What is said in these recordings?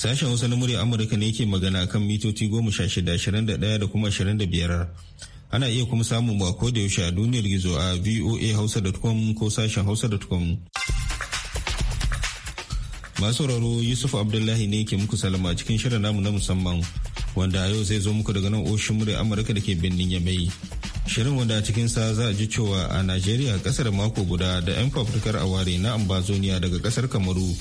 Sashen Hausa na murya Amurka ne yake magana kan mitoci goma sha shida ashirin da ɗaya da kuma ashirin da biyar. Ana iya kuma samun ba ko da yaushe a duniyar gizo a voa hausa.com ko sashen hausa.com. Masu sauraro Yusuf Abdullahi ne ke muku salama cikin shirin namu na musamman wanda a yau zai zo muku daga nan oshin murya Amurka da ke birnin Yamai. Shirin wanda a cikin sa za a ji cewa a Najeriya kasar mako guda da 'yan fafutukar aware na ambazoniya daga kasar Kamaru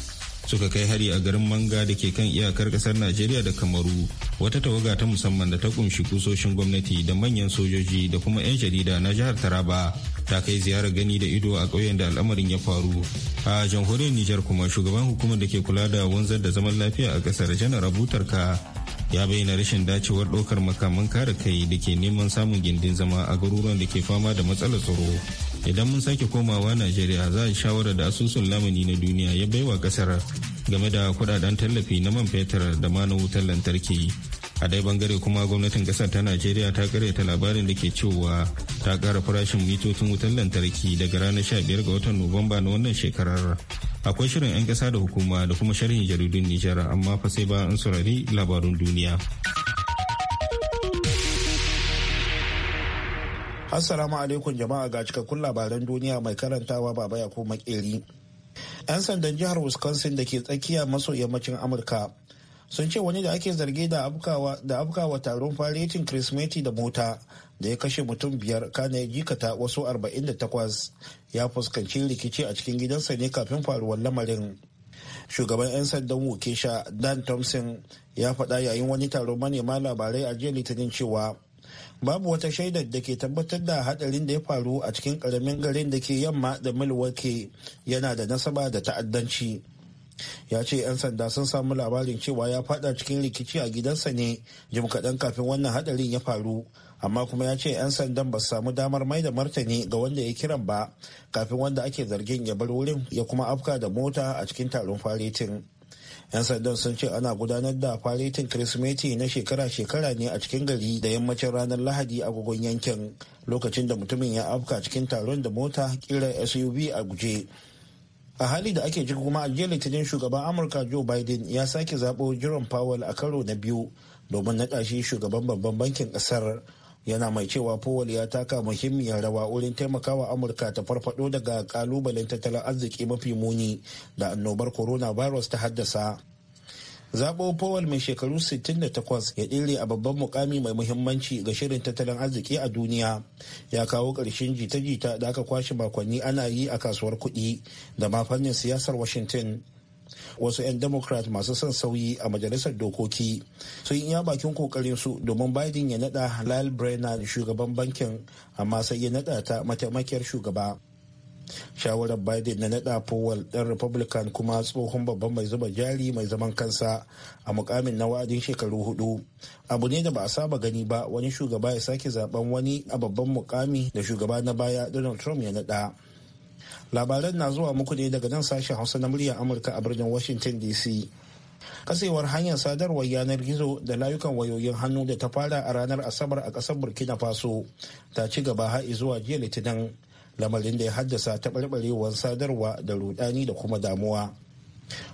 suka kai hari a garin manga da ke kan iyakar kasar najeriya da kamaru wata tawaga ta musamman da ta kunshi kusoshin gwamnati da manyan sojoji da kuma 'yan jarida na jihar taraba ta kai ziyarar gani da ido a ƙauyen da al'amarin ya faru a jamhuriyar nijar kuma shugaban hukumar da ke kula da wanzar da zaman lafiya a kasar janar abutarka ya bayyana rashin dacewar ɗaukar makaman kare kai da ke neman samun gindin zama a garuruwan da ke fama da matsalar tsaro idan mun sake komawa najeriya za a shawarar da asusun lamuni na duniya ya baiwa kasar game da kudaden tallafi na man fetur da ma na wutar lantarki a dai bangare kuma gwamnatin kasar ta najeriya ta karyata labarin da ke cewa ta kara farashin mitocin wutar lantarki daga ranar 15 ga watan nuwamba na wannan shekarar akwai shirin 'yan kasa da hukuma da kuma sharhin jaridun nijar amma fa sai ba an saurari labarun duniya. Assalamu alaikum jama'a ga cikakkun labaran duniya mai karantawa baba ya koma makeri. 'Yan sandan jihar Wisconsin da ke tsakiya maso yammacin Amurka sun ce wani da ake zarge da afkawa da afkawa taron faretin Kirsimeti da mota da ya kashe mutum biyar kana ya jikata wasu 48 ya fuskanci rikici a cikin gidansa ne kafin faruwar lamarin. Shugaban 'yan sandan Wukesha Dan Thompson ya faɗa yayin wani taron manema labarai a jiya Litinin cewa babu wata shaidar da ke tabbatar da hadarin da ya faru a cikin karamin garin da ke yamma da milwaukee yana da nasaba da ta'addanci ya ce 'yan sanda sun samu labarin cewa ya fada cikin rikici a gidansa ne jim kaɗan kafin wannan hadarin ya faru amma kuma ya ce 'yan sandan ba su samu damar mai da martani ga wanda ya kiran ba kafin wanda ake zargin ya bar wurin ya kuma afka da mota a cikin taron faretin. 'yan sandan sun ce ana gudanar da faretin kirsimeti na shekara-shekara ne a cikin gari da yammacin ranar lahadi a gugun yankin lokacin da mutumin ya afka cikin taron da mota kirar suv a guje a hali da ake jirgin kuma jiya litinin shugaban amurka joe biden ya sake zaɓo jiran powell a karo na biyu domin na shi shugaban babban bankin ƙasar yana mai cewa powell ya taka muhimmiyar rawa wurin taimakawa amurka ta farfado daga kalubalen tattalin arziki mafi muni da annobar coronavirus ta haddasa zaɓo powell mai shekaru 68 ya ɗere a babban mukami mai muhimmanci ga shirin tattalin arziki a duniya ya kawo ƙarshen jita-jita da aka kwashe makonni ana yi a kasuwar kuɗi da ma siyasar washington wasu 'yan democrat masu son sauyi a majalisar dokoki sun iya bakin kokarin su domin biden ya nada lyle brennan shugaban bankin amma sai ya nada ta mataimakiyar shugaba shawarar biden na nada powell dan republican kuma tsohon babban mai zuba jari mai zaman kansa a mukamin na wa'adin shekaru hudu abu ne da ba a saba gani ba wani shugaba ya sake zaben wani a babban mukami da shugaba na baya donald trump ya nada labaran na zuwa muku ne daga nan sashen hausa na muryar amurka a birnin washington dc kasewar hanyar sadarwar yanar gizo da layukan wayoyin hannu da ta fara a ranar asabar a kasar burkina faso ta ci gaba har zuwa jiya litinin lamarin da ya haddasa taɓarɓarewar sadarwa da rudani da kuma damuwa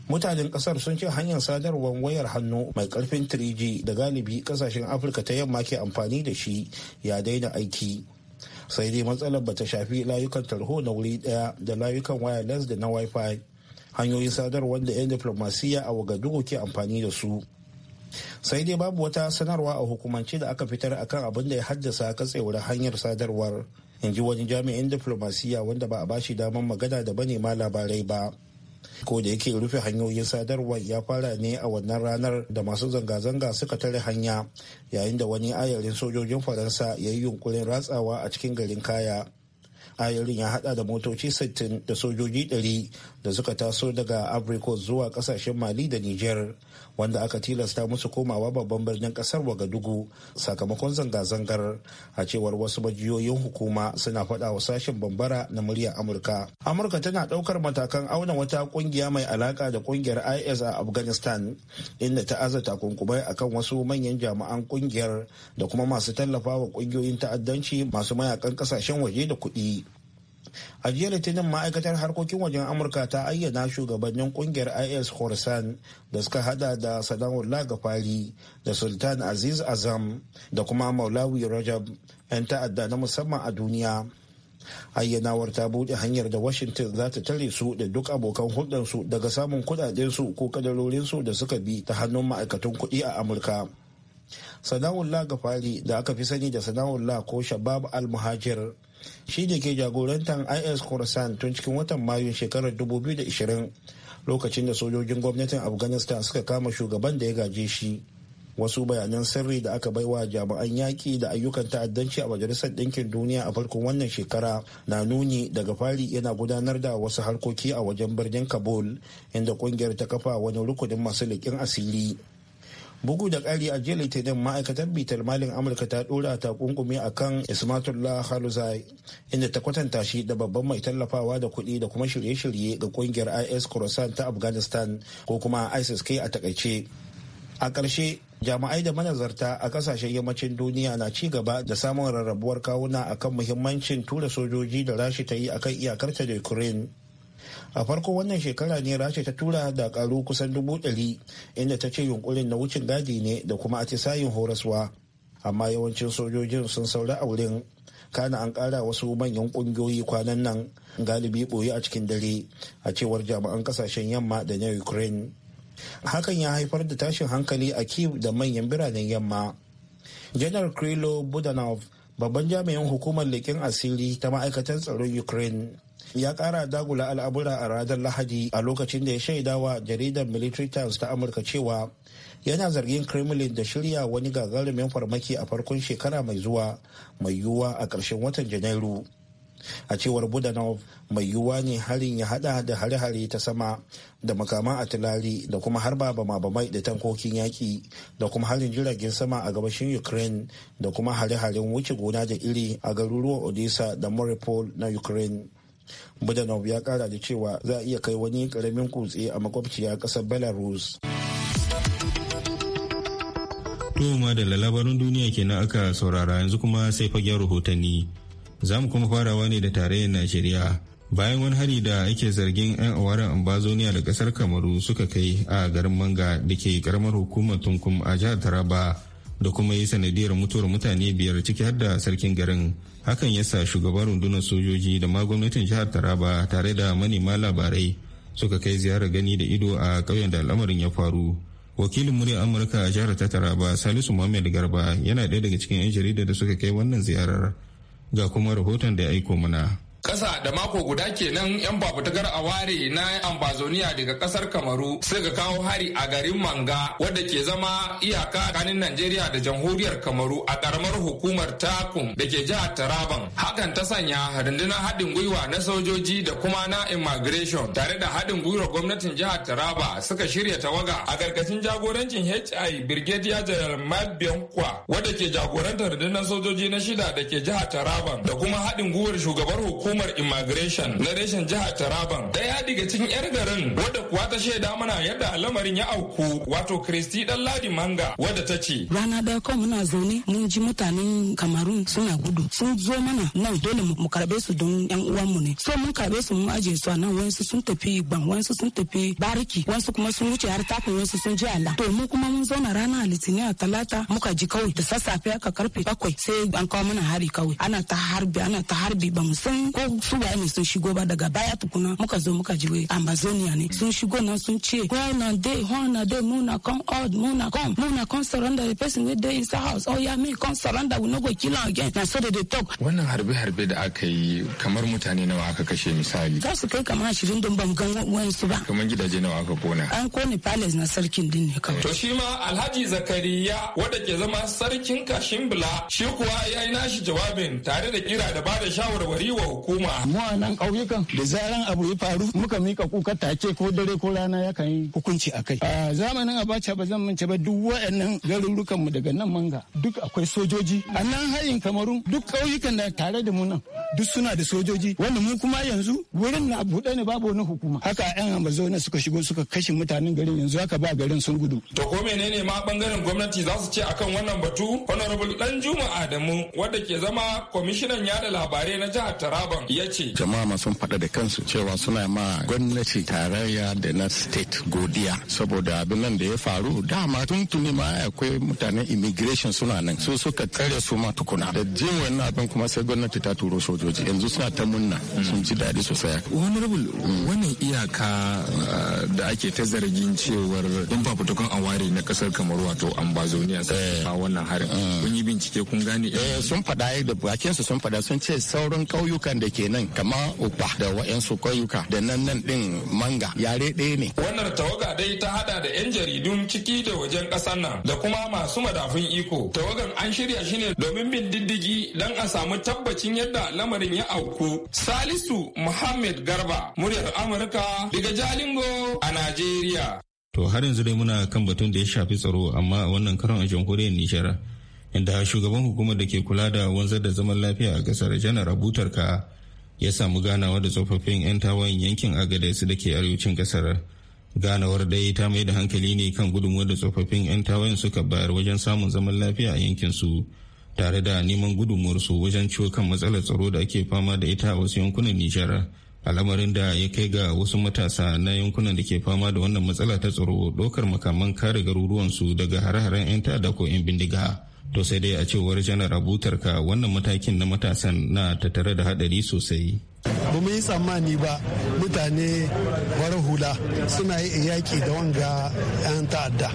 mutanen kasar sun ce hanyar sadarwar wayar hannu mai karfin 3g da galibi kasashen afirka ta yamma ke amfani da shi ya daina aiki sai dai matsalar ba ta shafi layukan tarho na wuri daya da layukan wireless da na wifi hanyoyin sadarwar da 'yan diflomasiyya a wagadugu ke amfani da su sai dai babu wata sanarwa a hukumance da aka fitar akan abin da ya haddasa katsewar hanyar sadarwar in ji wani jami'in diflomasiyya wanda ba a bashi damar magana da ma labarai ba ko da yake rufe hanyoyin sadarwar ya fara ne a wannan ranar da masu zanga-zanga suka tare hanya yayin da wani ayarin sojojin faransa ya yi yunkurin ratsawa a cikin garin kaya ayarin ya hada da motoci 60 da sojoji 100 da suka taso daga africa zuwa kasashen mali da niger wanda aka tilasta musu komawa babban birnin kasar wagadugu sakamakon zanga-zangar a cewar wasu majiyoyin hukuma suna faɗa wa sashen bambara na murya amurka amurka tana ɗaukar matakan auna wata ƙungiya mai alaka da ƙungiyar is a afghanistan inda ta aza takunkumai akan wasu manyan jami'an ƙungiyar da kuma masu tallafa wa ƙungiyoyin ta'addanci masu mayakan ƙasashen waje da kuɗi a jiya litinin ma'aikatar harkokin wajen amurka ta ayyana shugabannin kungiyar is khorasan da suka hada da sana'ullah gafari da sultan aziz azam da kuma maulawi rajab 'yan ta'adda na musamman a duniya ayyanawar ta bude hanyar da washington za ta tare su da duk abokan hulɗarsu daga samun kuɗaɗensu ko kadarorinsu da suka bi ta hannun ma'aikatan kuɗi a amurka sana'ullah gafari da aka fi sani da sana'ullah ko shabab al-muhajir shi da ke jagorantar is khorasan tun cikin watan mayu shekarar 2020 lokacin da sojojin gwamnatin afghanistan suka kama shugaban da ya gaje shi wasu bayanan sirri da aka baiwa jami'an yaƙi da ayyukan ta'addanci a majalisar ɗinkin duniya a farkon wannan shekara na nuni daga fari yana gudanar da wasu harkoki a wajen birnin kabul inda ƙungiyar ta kafa wani rukunin masu liƙin asiri bugu da ƙari a jiya litinin ma'aikatar bitar malin amurka ta ɗora ta kunkumi a kan ismatullah haluzai inda ta kwatanta shi da babban mai tallafawa da kuɗi da kuma shirye-shirye ga ƙungiyar is khorasan ta afghanistan ko kuma isis k a takaice a ƙarshe jami'ai da manazarta a ƙasashen yammacin duniya na ci gaba da samun rarrabuwar kawuna akan muhimmancin tura sojoji da rashi ta yi akan iyakarta da ukraine a farko wannan shekara ne rasha ta tura da karu kusan dubu ɗari inda ta ce yunkurin na wucin gadi ne da kuma atisayin horaswa amma yawancin sojojin sun saura a wurin kana an ƙara wasu manyan ƙungiyoyi kwanan nan galibi ɓoye a cikin dare a cewar jami'an ƙasashen yamma da na ukraine hakan ya haifar da tashin hankali a kiev da manyan biranen yamma janar krilo budanov babban jami'in hukumar leƙen asiri ta ma'aikatar tsaron ukraine ya kara dagula al'abura a ranar lahadi a lokacin da ya shaida wa jaridar military times ta amurka cewa yana zargin kremlin da shirya wani gagarumin farmaki a farkon shekara mai zuwa mai yiwuwa a ƙarshen watan janairu a cewar budanov mai yiwuwa ne harin ya hada da hare-hare ta sama da a tilari da kuma harba bama-bamai da tankokin yaƙi da kuma harin jiragen sama a gabashin ukraine da kuma hare-haren wuce gona da iri a garuruwan odessa da mariupol na ukraine budanov ya kara da cewa za a iya kai wani karamin kutse a makwabciya kasar belarus tuhuma da labarin duniya kenan aka saurara yanzu kuma sai fagen rahotanni za mu kuma farawa ne da tarayyar najeriya bayan wani hari da ake zargin 'yan awarin ambazoniya da kasar kamaru suka kai a garin manga da ke karamar hukumar tunkum a jihar taraba da kuma yi sanadiyar mutuwar mutane biyar ciki har da sarkin garin hakan ya sa shugaban rundunar sojoji da ma gwamnatin jihar taraba tare da manema labarai suka kai ziyarar gani da ido a ƙauyen da al'amarin ya faru wakilin murya amurka a jihar ta taraba salisu muhammad garba yana ɗaya daga cikin 'yan jarida da suka kai wannan ziyarar ga kuma rahoton da ya aiko mana Ƙasa da mako guda kenan 'yan a aware na ambazoniya daga ƙasar Kamaru sai ga kawo hari a garin Manga wadda ke zama iyaka tsakanin Najeriya da jamhuriyar Kamaru a karamar hukumar Takum da ke jihar Taraban. Hakan ta sanya rundunar haɗin gwiwa na sojoji da kuma na immigration tare da haɗin gwiwar gwamnatin jihar Taraba suka shirya tawaga a gargashin jagorancin HI Birgediya General Mike Biankwa wadda ke jagorantar rundunar sojoji na shida da ke jihar Taraban da kuma haɗin gwiwar shugabar hukumar hukumar immigration na reshen jihar Taraban daya daga cikin yar garin wadda kuwa ta shaida mana yadda lamarin ya auku wato Kristi dan Ladi Manga wadda ta ce rana daya kawai muna zaune mun ji mutanen Kamarun suna gudu sun zo mana nan dole mu karbe su don yan uwanmu ne so mun karbe su mun aje su a nan wayansu sun tafi ban wayansu sun tafi bariki wayansu kuma sun wuce har takin wayansu sun ji ala to mu kuma mun zauna rana litinin a talata muka ji kawai da sassafe aka karfe bakwai sai an kawo mana hari kawai ana ta harbi ana ta harbi ba mu san ko fulani ne sun shigo ba daga baya tukuna muka zo muka ji wai amazonia ne sun shigo nan sun ce well na dey horn na dey mu na come out mu na come mu na come surrender the person wey dey inside house oh yeah me come surrender we no go kill am again na so dey dey talk. wannan harbe-harbe da aka yi kamar mutane nawa aka kashe misali. za su kai kamar ashirin don ban gan su ba. kamar gidaje nawa aka kona. an kone palace na sarkin din ne kawai. to shi ma alhaji zakariya wanda ke zama sarkin kashimbula shi kuwa ya yi nashi jawabin tare da kira da ba da shawarwari wa hukuma mu a nan ƙauyukan da zaran abu ya faru muka mika kuka take ko dare ko rana ya kan yi hukunci a kai a zamanin abacha ba zan mance ba duk wayannan garurukan mu daga nan manga duk akwai sojoji a nan hayin kamarun duk ƙauyukan da tare da mu nan duk suna da sojoji wanda mu kuma yanzu wurin na buɗe ne babu wani hukuma haka yan ne suka shigo suka kashe mutanen garin yanzu haka ba garin sun gudu to ko menene ma bangaren gwamnati za su ce akan wannan batu honorable danjuma adamu wanda ke zama kwamishinan yada labarai na jihar taraba ya ce jama'a masu faɗa da kansu cewa suna ma gwamnati tarayya da na state godiya saboda abin nan da ya faru dama tuntuni ma akwai mutanen immigration suna nan su suka tsare su ma tukuna da jin wannan abin kuma sai gwamnati ta turo sojoji yanzu suna ta munna sun ji daɗi sosai wani wannan iyaka ah, da ake ta zargin cewar don fafutukan aware na kasar kamar wato ambazonia sai eh. wannan harin eh. kun yi bincike kun gane eh, sun faɗa da bakin su sun faɗa sun ce sauran ƙauyukan da da ke nan kama uba da wa'yansu kwayuka da nan nan din manga yare ɗaya ne. Wannan tawaga dai ta hada da 'yan jaridun ciki da wajen ƙasar nan da kuma masu madafun iko. Tawagan an shirya shi ne domin bin diddigi don a samu tabbacin yadda lamarin ya auku. Salisu Muhammad Garba, muryar Amurka daga Jalingo a Najeriya. To har yanzu dai muna kan batun da ya shafi tsaro amma wannan karon a jamhuriyar Nijar. Inda shugaban hukumar da ke kula da wanzar da zaman lafiya a kasar janar ka ya samu ganawa da tsofaffin 'yan tawayen yankin su da ke arewacin kasar ganawar dai ta mai da hankali ne kan gudunmuwar da tsofaffin 'yan tawayen suka bayar wajen samun zaman lafiya a yankin su tare da neman gudunmuwarsu wajen ciwo kan matsalar tsaro da ake fama da ita a wasu yankunan nijar al'amarin da ya kai ga wasu matasa na yankunan da ke fama da wannan matsala ta tsaro ɗaukar makaman kare garuruwansu daga hare-haren 'yan ta'adda ko 'yan bindiga To sai dai a cewar janar abutarka wannan matakin na matasan na tattare da hadari sosai. ba mu yi tsammani ba mutane farar hula suna yi yaƙi da wanga 'yan ta'adda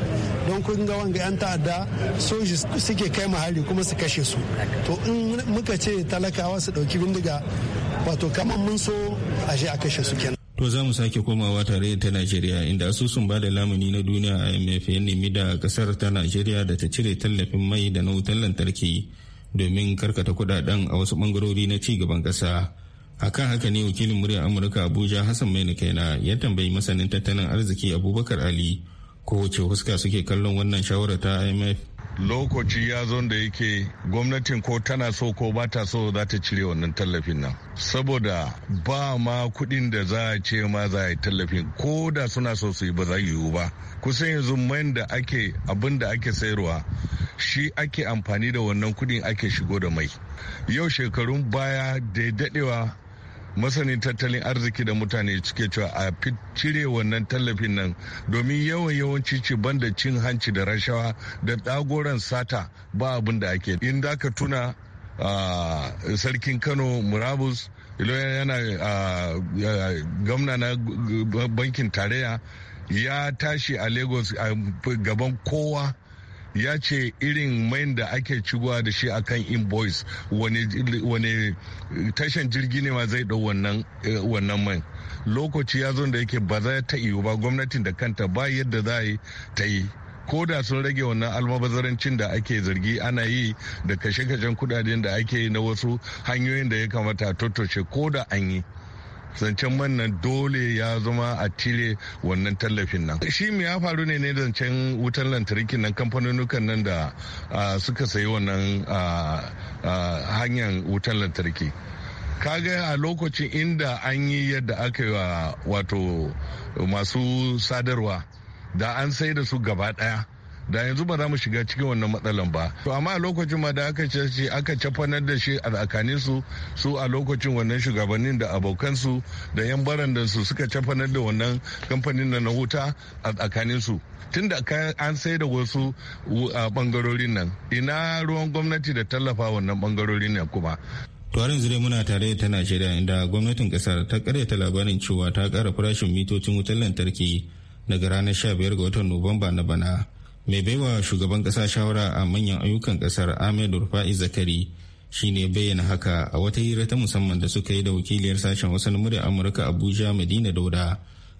don kun ga wanga 'yan ta'adda soji suke kai mahari kuma su kashe su to in muka ce talakawa su ɗauki bindiga wato kamar mun so ashe a kashe su kenan To za mu sake komawa tare ta Najeriya inda asusun ba da lamuni na duniya IMF ya nemi da kasar ta Najeriya da ta cire tallafin mai da na wutan lantarki domin karkata kudaden a wasu bangarori na ci gaban kasa. Akan haka ne wakilin muryar Amurka Abuja Hassan Maina Kaina ya tambayi masanin tattalin arziki Abubakar Ali ko wace fuska suke kallon wannan shawarar ta IMF. lokaci ya zo da yake gwamnatin ko tana so ko ba ta so za ta cire wannan tallafin nan saboda ba ma kuɗin da za a ce ma za a yi tallafin ko da suna so su yi ba za yiwu ba kusan yanzu man da ake abin da ake sayarwa shi ake amfani da wannan kuɗin ake shigo da mai yau shekarun baya da daɗewa masanin tattalin arziki da mutane suke cewa a cire wannan tallafin nan domin yawan yawanci ci banda cin hanci da rashawa da dagoran sata ba abin da ake in da ka tuna sarkin kano murabus yana gamna na bankin tarayya ya tashi a lagos a gaban kowa ya ce irin main da ake cigowa da shi akan invoice wani tashan jirgi ne ma zai dau wannan eh, mai. lokaci ya zo da yake ba za ta iyo ba gwamnatin da kanta ba yadda za ta yi ko da sun rage wannan almabazarancin da ake zargi ana yi da kashe-kashen kudaden da ake yi na wasu hanyoyin da ya kamata a tattoshe ko da an yi zancen man nan dole ya zama a cire wannan tallafin nan shi me ya faru ne ne zancen wutan lantarki nan kamfanonukan nan da suka sayi wannan hanyar wutan lantarki kaga a lokacin inda an yi yadda aka yi wato masu sadarwa da an sai da su gaba daya da yanzu ba za mu shiga cikin wannan matsalan ba to amma a lokacin ma da aka ce aka cafanar da shi a su su a lokacin wannan shugabannin da abokansu da yan da su suka cafanar da wannan kamfanin na na huta a tsakanin su tunda an sai da wasu bangarorin nan ina ruwan gwamnati da tallafa wannan bangarorin nan kuma tuwarin zure muna tare tana shaida inda gwamnatin kasar ta karyata labarin cewa ta kara farashin mitocin wutar lantarki daga ranar 15 ga watan nuwamba na bana mai baiwa shugaban kasa shawara a manyan ayyukan kasar ahmed rufa'i zakari shine bayyana haka a wata hira ta musamman da suka yi da wakiliyar sashen wasan murya amurka abuja madina dauda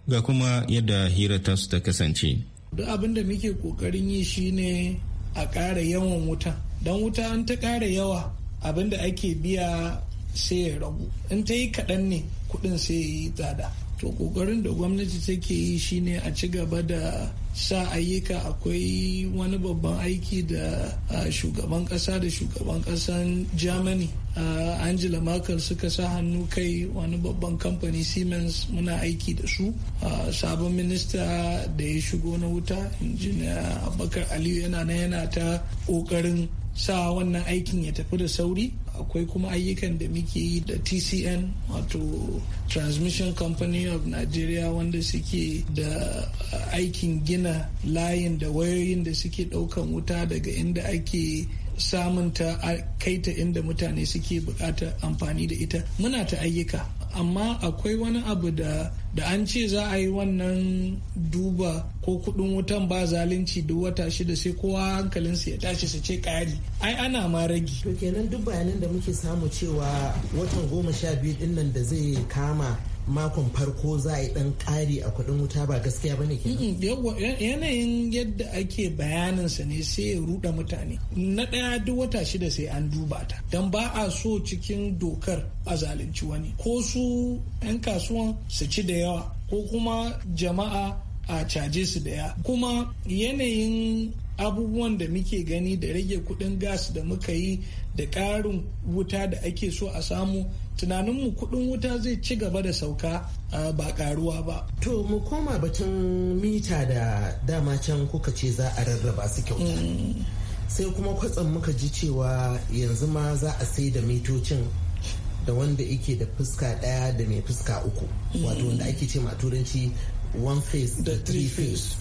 ga kuma yadda hira ta su ta kasance duk abin da muke kokarin yi shine a ƙara yawan wuta don wuta an ta ƙara yawa abin da ake biya sai ya ragu in ta yi kaɗan ne kuɗin sai ya yi tsada to kokarin da gwamnati take yi shine a ci gaba da sa ayyuka akwai wani babban aiki da shugaban kasa da shugaban kasan germany angela merkel suka sa hannu kai wani babban kamfani siemens muna aiki da su sabon minista da ya shigo na wuta injiniya abubakar aliyu yana na yana ta kokarin sa wannan aikin ya tafi da sauri akwai kuma ayyukan da muke yi da tcn wato transmission company of nigeria wanda suke da uh, aikin gina layin da wayoyin da suke daukan wuta daga inda ake samunta kai ta inda mutane suke bukata amfani da ita muna ta ayyuka amma akwai wani abu da da an ce za a yi wannan duba ko kudin wutan ba zalunci duk wata shida sai kowa hankalinsa ya tashi su ce kari ai ana ma ragi to kenan duk bayanan da muke samu cewa watan goma sha biyu din nan da zai kama makon farko za a yi dan kari a kudin wuta ba gaskiya ba ne. yanayin yadda ake bayanin sa ne sai ya ruda mutane na ɗaya duk wata shida sai an duba ta dan ba a so cikin dokar a zalunci wani ko su 'yan kasuwan su ci da yawa ko kuma jama'a a caje su da ya kuma yanayin abubuwan da muke gani da rage kudin gas da muka yi da karin wuta da ake so a samu tunaninmu kudin wuta zai ci gaba da sauka ba karuwa ba. To mu koma batun mita da dama can kuka ce za a rarraba su kyauta. Mm. Sai kuma kwatsam muka ji cewa yanzu ma za a sai da mitocin da wanda yake da fuska ɗaya da mai fuska uku. Wato wanda mm. ake ce ma turanci one face da three face.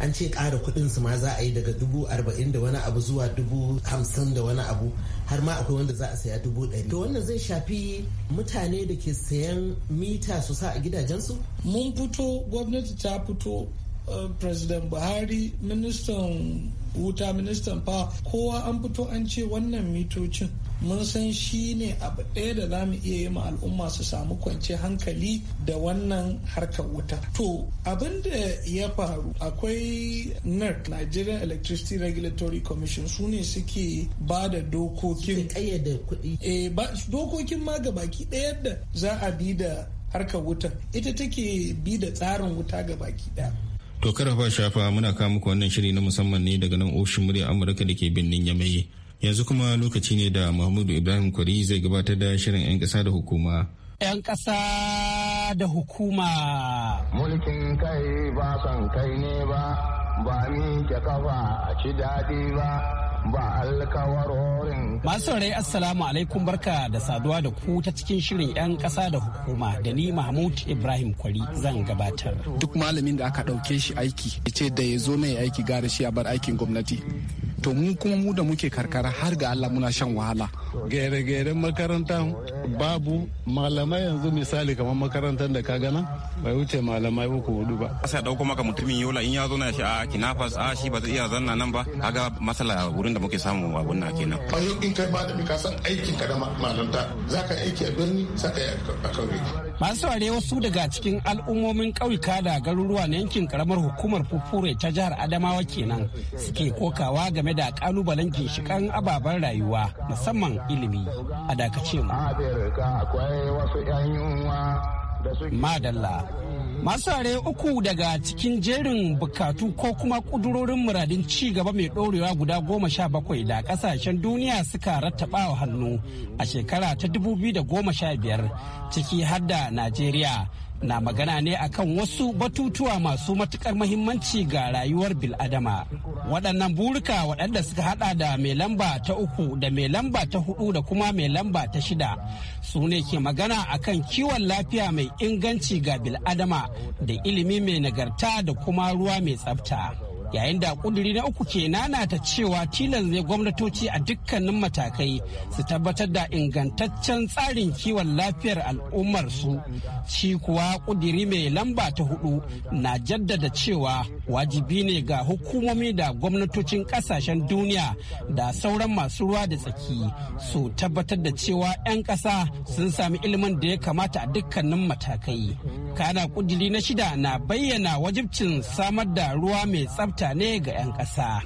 an ce ƙara kuɗin su ma za a yi daga dubu arba'in da wani abu zuwa dubu hamsin da wani abu har ma akwai wanda za a saya dubu ɗari to wannan zai shafi mutane da ke sayan mita su sa a gidajensu mun fito gwamnati ta fito eh, president buhari ministan wuta ministan fa kowa an fito an ce wannan mitocin mun san shi ne abu ɗaya da za mu iya yi ma al'umma su samu kwanci hankali da wannan harkar wuta to abin da ya faru akwai NERC Nigerian Electricity Regulatory Commission su ne suke ba da dokokin eh, dokokin ma ga baki ɗaya da za a bi da harkar wuta ita take bi da tsarin wuta ga baki ɗaya. To kada fa shafa muna kawo muku wannan shiri na musamman ne daga nan ofishin murya Amurka da ke birnin Yamai. yanzu kuma lokaci ne da Muhammadu ibrahim kwari zai gabatar da shirin 'yan ƙasa da hukuma 'yan ƙasa da hukuma mulkin kai ba son kai ne ba ba ni ke kafa a ci daɗi ba ba alkawarorin. Masu rai assalamu alaikum barka da saduwa da ku ta cikin shirin 'yan ƙasa da hukuma da ni Mahmud Ibrahim Kwari zan gabatar. Duk malamin da aka ɗauke shi aiki ce da ya zo na aiki gara shi a bar aikin gwamnati. to mu kuma mu da muke karkara har ga Allah muna shan wahala gere gere makaranta babu malamai yanzu misali kamar makarantar da ka gana bai wuce malamai uku hudu ba asa dauko maka mutumin yola in ya zo na shi a ah, kinafas a ah, shi ba zai iya zanna nan ba kaga masala wurin da muke samu a gunna kenan yau in kai malami ka san aikin ka da malanta zaka aiki a birni yi a kauye masu ware wasu daga cikin al'ummomin ƙauyuka da garuruwa na yankin karamar hukumar fufure ta jihar adamawa kenan suke kokawa game da kalubalen ginshikan ababen rayuwa musamman ilimi a dakace mu. Madalla. Masu are uku daga cikin jerin bukatu ko kuma kudurorin muradin ci gaba mai ɗorewa guda goma sha bakwai da ƙasashen duniya suka rattaba hannu a shekara ta dubu biyu da goma sha biyar ciki har da Najeriya na magana ne akan wasu batutuwa masu matukar mahimmanci ga rayuwar biladama waɗannan burika waɗanda suka hada da mai lamba ta uku da mai lamba ta hudu da kuma mai lamba ta shida su ne ke magana akan kiwon lafiya mai inganci ga biladama da ilimi mai nagarta da kuma ruwa mai tsabta yayin da kuduri na uku ke nanata cewa tilan zai gwamnatoci a dukkanin matakai su tabbatar da ingantaccen tsarin kiwon lafiyar al'ummar su shi kuwa kuduri mai lamba ta hudu na jaddada cewa wajibi ne ga hukumomi da gwamnatocin kasashen duniya da sauran masu ruwa da tsaki su tabbatar da cewa 'yan kasa sun sami ilimin da ya kamata a dukkanin matakai kana kuduri na shida na bayyana wajibcin samar da ruwa mai tsafta mutane ga 'yan ƙasa.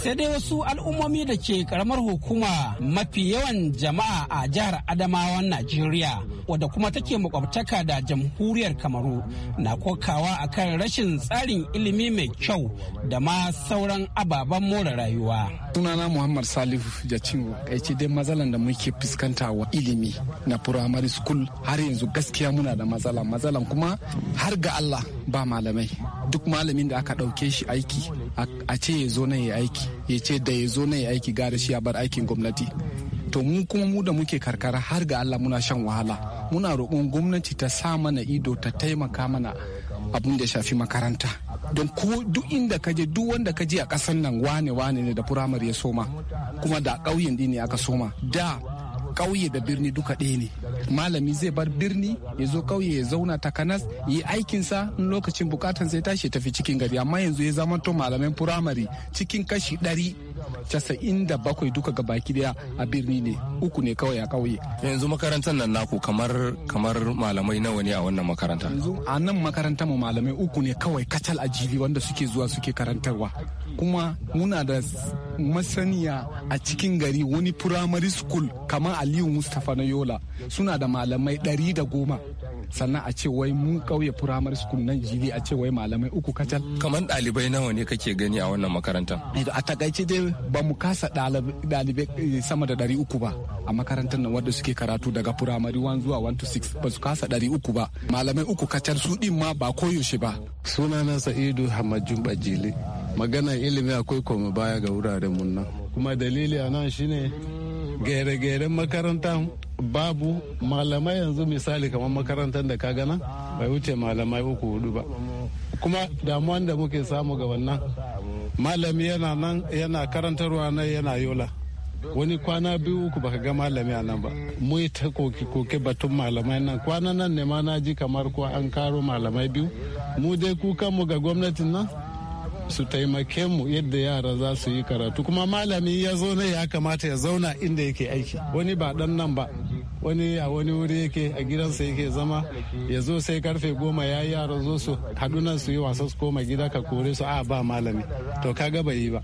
Sai dai wasu al'ummomi da ke karamar hukuma mafi yawan jama'a a jihar Adamawan Najeriya wadda kuma take makwabtaka da jamhuriyar Kamaru na kokawa akan rashin tsarin ilimi mai kyau da ma sauran ababen more rayuwa. Sunana Muhammad Salihu ya ce dai matsalan da muke fuskanta wa ilimi na primary school har yanzu gaskiya muna da matsala matsalan kuma har ga Allah ba malamai duk malamin da aka ɗauke shi aiki a ce ya zo nan ya aiki ya ce da ya zo nan ya aiki gara shi ya bar aikin gwamnati to mu kuma mu da muke karkara har ga Allah muna shan wahala muna roƙon gwamnati ta sa mana ido ta taimaka mana abun da shafi makaranta don ko duk inda ka je duk wanda ka je a ƙasar nan wane wane ne da firamare ya soma kuma da ƙauyen ne aka soma da kauye da birni duka ɗaya ne malami zai bar birni ya zo ƙauye ya zauna ta takanas yi aikinsa in lokacin bukatan sai tashi tafi cikin gari amma yanzu ya zama to malamin firamare cikin kashi ɗari casa'in da bakwai duka ga baki daya a birni ne uku ne kawai a kauye yanzu makarantar nan naku kamar kamar malamai nawa ne a wannan makaranta yanzu a nan makarantar mu malamai uku ne kawai kacal a jibi wanda suke zuwa suke karantarwa kuma muna da masaniya a cikin gari wani primary school kamar aliyu mustapha na yola suna da malamai ɗari da goma sannan a ce wai mu kauye primary school nan jibi a ce wai malamai uku kacal kamar ɗalibai nawa ne kake gani a wannan makaranta a takaice dai ba mu kasa ɗalibai eh, sama da ɗari uku ba a makarantar nan wanda suke karatu daga primary 1 zuwa 1 to 6 ba su kasa ɗari uku ba malamai uku kacal su ɗin ma ba koyaushe ba sunana sa'idu hamajun jili magana ilimi akwai koma baya ga wuraren mun nan kuma dalili a nan shine gere-geren makarantar babu malamai yanzu misali kamar makarantar da ka gana bai wuce malamai uku hudu ba kuma damuwan da muke samu ga wannan malami yana nan yana karantarwa na yana yola wani kwana biyu uku baka ga malami a nan ba mu yi ta koke batun malamai nan kwana nan ne ma na ji kamar ko an karo malamai biyu mu dai kukan mu ga gwamnatin nan su taimake mu yadda yara za su yi karatu kuma malami ya zo ne ya kamata ya zauna inda yake aiki wani ba dan nan ba wani a wani wuri yake a gidansa yake zama ya zo sai karfe goma ya yi yara zo su haɗu nan su yi wasa su koma gida ka kore su a ba malami to kaga bai yi ba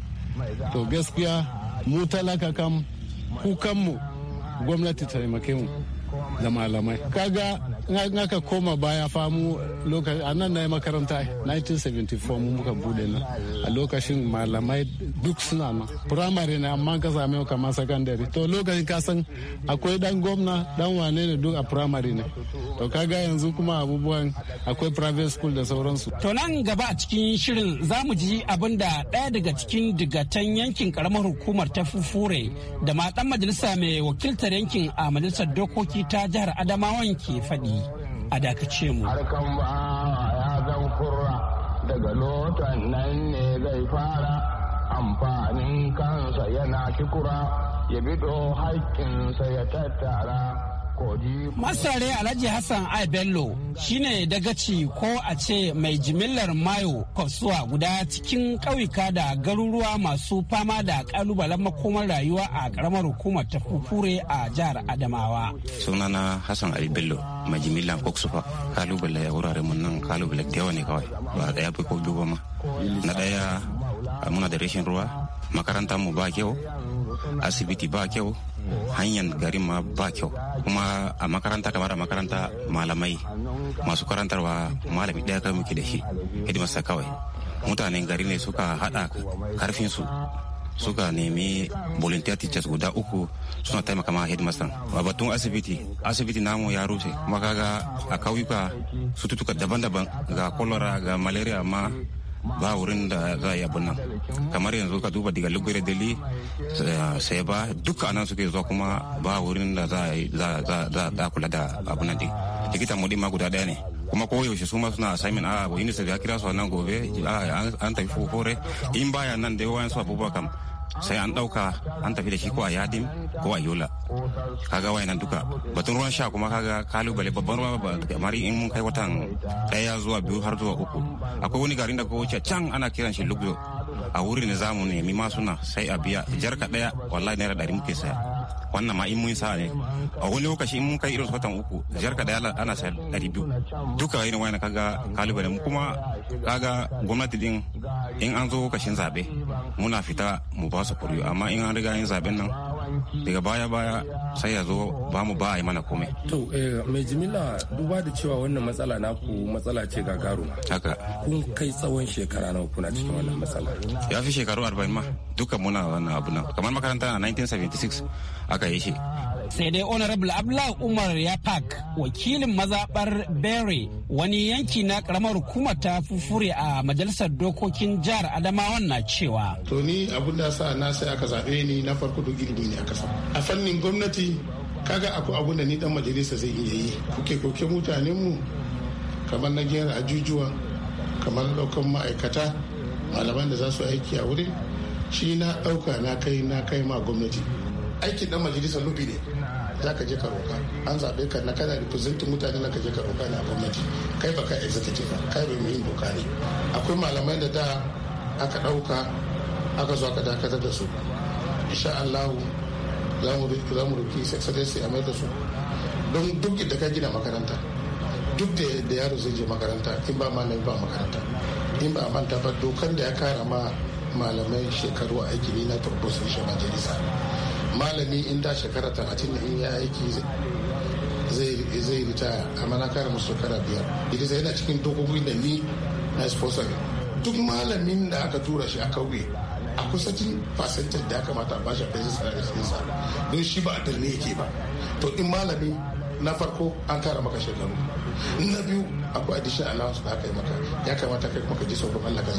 to gaskiya mu talaka kam kukanmu gwamnati taimake mu da malamai kaga in aka koma baya fa mu a nan na makaranta 1974 mu muka bude nan a lokacin malamai duk suna nan primary ne amma ka same kamar secondary to lokacin ka san akwai dan gwamna dan wane ne duk a primary ne to ga yanzu kuma abubuwan akwai private school da sauransu to nan gaba a cikin shirin za mu ji abin da ɗaya daga cikin digatan yankin karamar hukumar ta fufure da ma dan majalisa mai wakiltar yankin a majalisar dokoki ta jihar adamawan ke faɗi a dakace mu harkan ba ya zan kurra daga lotan nan ne zai fara amfanin kansa yana kikura ya bido haƙƙinsa ya tattara Masarare Alhaji Hassan Ai Bello shine dagaci ko a ce mai jimillar mayo kwafsuwa guda cikin ƙauyuka da garuruwa masu fama da ƙalubalen makomar rayuwa a karamar hukumar ta a jihar Adamawa. Sunana Hassan Ai Bello mai jimillar kwafsuwa ƙalubale a wuraren mun nan ƙalubale da yawa ne kawai ba ɗaya ba ko biyu ma. Na ɗaya muna da rashin ruwa makarantar mu ba kyau asibiti ba kyau hanyar garin ma ba kyau kuma a makaranta kamar a makaranta malamai masu karantarwa malami daya kai muke da shi hidimarsa kawai mutanen gari ne suka haɗa karfinsu suka nemi volunteer teachers guda uku suna taimaka ma headmaster a batun asibiti asibiti namu ya rushe kuma kaga a kauyuka cututtuka daban-daban ga cholera ga malaria ma ba wurin da za a yi abin nan kamar yanzu ka duba daga lugure dali eh, sai ba duka anan suke zuwa kuma ba wurin da za a kula da abin nan likitan mu ma guda daya ne kuma ko yaushe su ma suna samin a wani ya kira su nan gobe ah, an tafi fufore in baya nan da yawan su abubuwa kam sai an ɗauka an tafi da shi ko a yadin ko a yola kaga nan duka batun ruwan sha kuma kaga kalubale babban ruwa ba kamar in mun kai watan ɗaya zuwa biyu har zuwa uku akwai wani garin da ko wuce can ana kiran shi lugdo a wuri ne zamu nemi suna sai a biya jarka ɗaya wallahi naira ɗari muke saya wannan ma in mun sa ne a wani lokaci in mun kai irin watan uku jarka ɗaya ana saya ɗari biyu duka irin nan kaga kalubale mu kuma kaga gwamnati din in an zo lokacin zaɓe muna fita mu ba su kuri amma in an riga yin zaben nan daga baya baya sai ya zo ba mu ba a yi mana komai. To eh, mai jimila duba da cewa wannan matsala naku matsala ce gagaruma. Haka. Kun kai tsawon shekara nawa kuna cikin wannan matsala. Ya fi shekaru arba'in ma duka muna wannan abu nan kamar makaranta na 1976 aka yi shi sai dai honorable abdullahi umar ya park wakilin mazabar berry wani yanki na karamar hukumar ta fufure a majalisar dokokin jihar adamawan na cewa to ni abin da sa na sai aka zabe ni na farko da ilimi ne aka sa a fannin gwamnati kaga akwai abun da ni dan majalisa zai iya yi kuke koke mutanen mu kamar na gera ajujuwa kamar daukan ma'aikata malaman da za su aiki a wurin shi na dauka na kai na kai ma gwamnati aikin dan majalisa lubi ne za ka je ka roka an zaɓe ka na kana representin mutane na ka je ka roka a gwamnati kai ba kai executive ba kai bai muhim doka ne akwai malamai da da aka ɗauka aka zo aka dakatar da su insha Allah za mu roki secretary a mai da su don duk da ka gina makaranta duk da yaro zai je makaranta in ba malami ba makaranta in ba manta ba dokar da ya kara ma malamai shekaru a aiki ne na proposal shi majalisa malami in da shekara talatin da in ya aiki zai ritaya amma na kara musu shekara biyar idan yana cikin dokokin da ni na sponsor duk malamin da aka tura shi a kauye a kusacin fasantar da ya kamata a bashi a bayan don shi ba a dalme yake ba to in malami na farko an kara maka shekaru na biyu akwai additional allowance da aka yi maka ya kamata kai kuma ka ji sauran Allah ka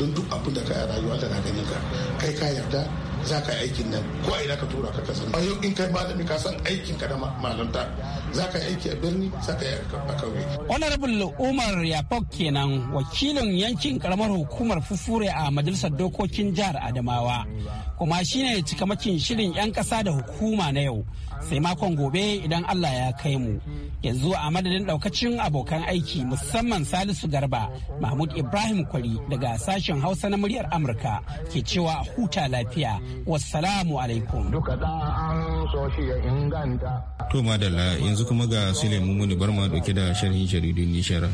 don duk abin da ka yi rayuwa da na ganin ka kai ka yarda za ka yi aikin nan ko a ina ka tura ka kasan a yau in kai malami ka san aikin ka da malanta za ka yi aiki a birni za ka yi a kauye. honorable umar yafok kenan wakilin yankin karamar hukumar fufure a majalisar dokokin jihar adamawa kuma shi ne cika makin shirin 'yan kasa da hukuma na yau sai makon gobe idan Allah ya kai mu yanzu a madadin daukacin abokan aiki musamman salisu garba mahmud ibrahim kwari daga sashen hausa na muryar amurka ke cewa huta lafiya wassalamu alaikum to madalla yanzu kuma ga sule mummuni ma dauke da sharhin jaridun nishara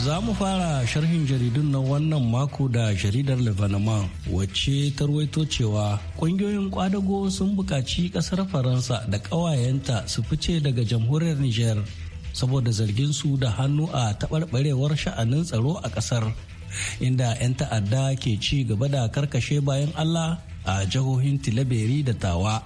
Za mu fara sharhin jaridun na wannan mako da jaridar Lebanon wacce ta ruwaito cewa ƙungiyoyin kwadago sun buƙaci ƙasar Faransa da ƙawayenta su fice daga jamhuriyar Nijar saboda zargin su da hannu a taɓarɓarewar sha'anin tsaro a ƙasar inda 'yan ta'adda ke ci gaba da karkashe bayan Allah a jihohin Tilaberi da Tawa.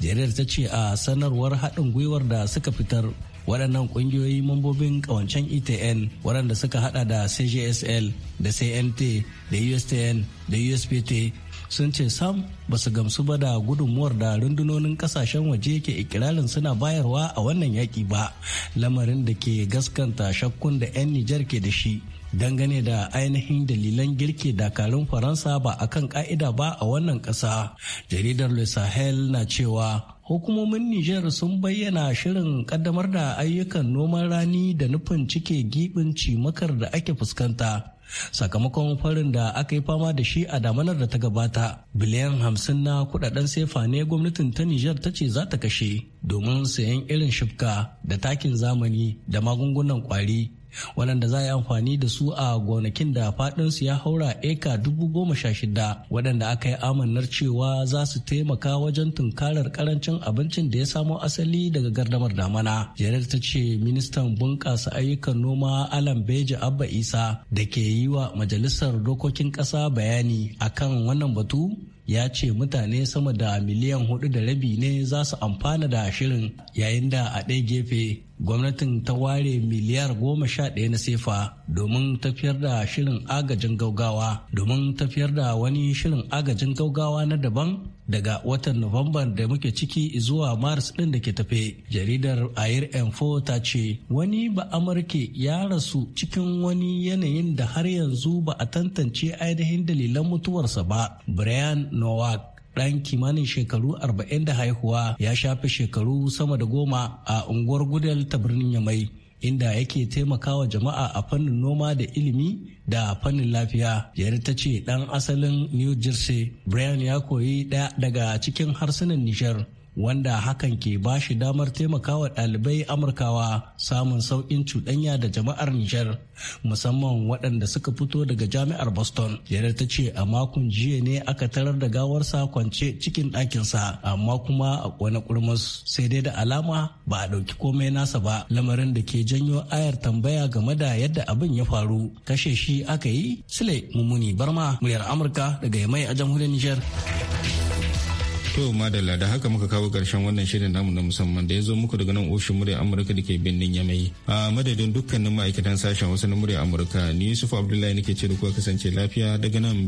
Jaridar ta ce a sanarwar haɗin gwiwar da suka fitar waɗannan ƙungiyoyi mambobin ƙawancen etn waɗanda suka hada da cjsl da cnt da ustn da uspt sun ce sam ba su gamsu ba da gudunmuwar da rundunonin kasashen waje ke ikirarin suna bayarwa a wannan yaƙi ba lamarin da ke gaskanta shakkun da 'yan nijar ke da shi dangane da ainihin dalilan girke dakarun faransa ba a kan ka'ida ba a wannan ƙasa jaridar le sahel na cewa hukumomin Nijar sun bayyana shirin kaddamar da ayyukan noman rani da nufin cike gibin cimakar da ake fuskanta. Sakamakon farin da aka yi fama da shi a damanar da ta gabata, biliyan hamsin na kudaden sefa ne gwamnatin ta Nijar ta ce za ta kashe domin sayan irin shifka da takin zamani da magungunan kwari waɗanda za a yi amfani da su a gonakin da faɗinsu ya haura eka dubu goma sha shida waɗanda aka yi amannar cewa za su taimaka wajen tunkarar karancin abincin da ya samo asali daga gardamar damana janar ta ce ministan bunƙasa ayyukan noma alan beji abba isa da ke yi wa majalisar dokokin ƙasa bayani akan wannan batu ya ce mutane sama da miliyan hudu da rabi ne za su amfana da shirin yayin da a ɗaya gefe gwamnatin ta ware miliyar goma sha ɗaya na sefa domin tafiyar da shirin agajin gaugawa domin tafiyar da wani shirin agajin gaugawa na daban daga watan nuwamban da muke ciki zuwa maris ɗin da ke tafe jaridar air 4 ta ce wani ba amurke ya rasu cikin wani yanayin da har yanzu ba a tantance ainihin dalilan mutuwarsa ba brian nowak ɗan kimanin shekaru 40 da haihuwa ya shafe shekaru sama da goma a unguwar gudel ta birnin yamai inda yake taimakawa jama'a a fannin noma da ilimi da fannin lafiya yari ta ce ɗan asalin new jersey brian ya koyi ɗaya daga cikin harsunan nijar wanda hakan ke ba shi damar taimakawa ɗalibai amurkawa samun sauƙin cuɗanya da jama'ar nijar musamman waɗanda suka fito daga jami'ar boston yadda ta ce a makon jiya ne aka tarar da gawarsa kwance cikin ɗakinsa amma kuma a wani ƙurmus sai dai da alama ba a ɗauki komai nasa ba lamarin da ke janyo ayar tambaya game da yadda abin ya faru kashe shi aka yi sule mummuni barma muryar amurka daga yamai a jamhuriyar nijar To madalla da haka muka kawo karshen wannan shirin namu na musamman da ya zo muku daga nan ofishin murya Amurka da ke birnin Yamai. A madadin dukkanin ma'aikatan sashen wasu na murya Amurka ni Yusuf Abdullahi nake ce da kuwa kasance lafiya daga nan